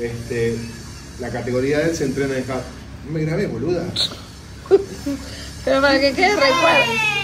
Este, la categoría de él se entrena en No me grabé, boluda. Pero para que quede recuerdo.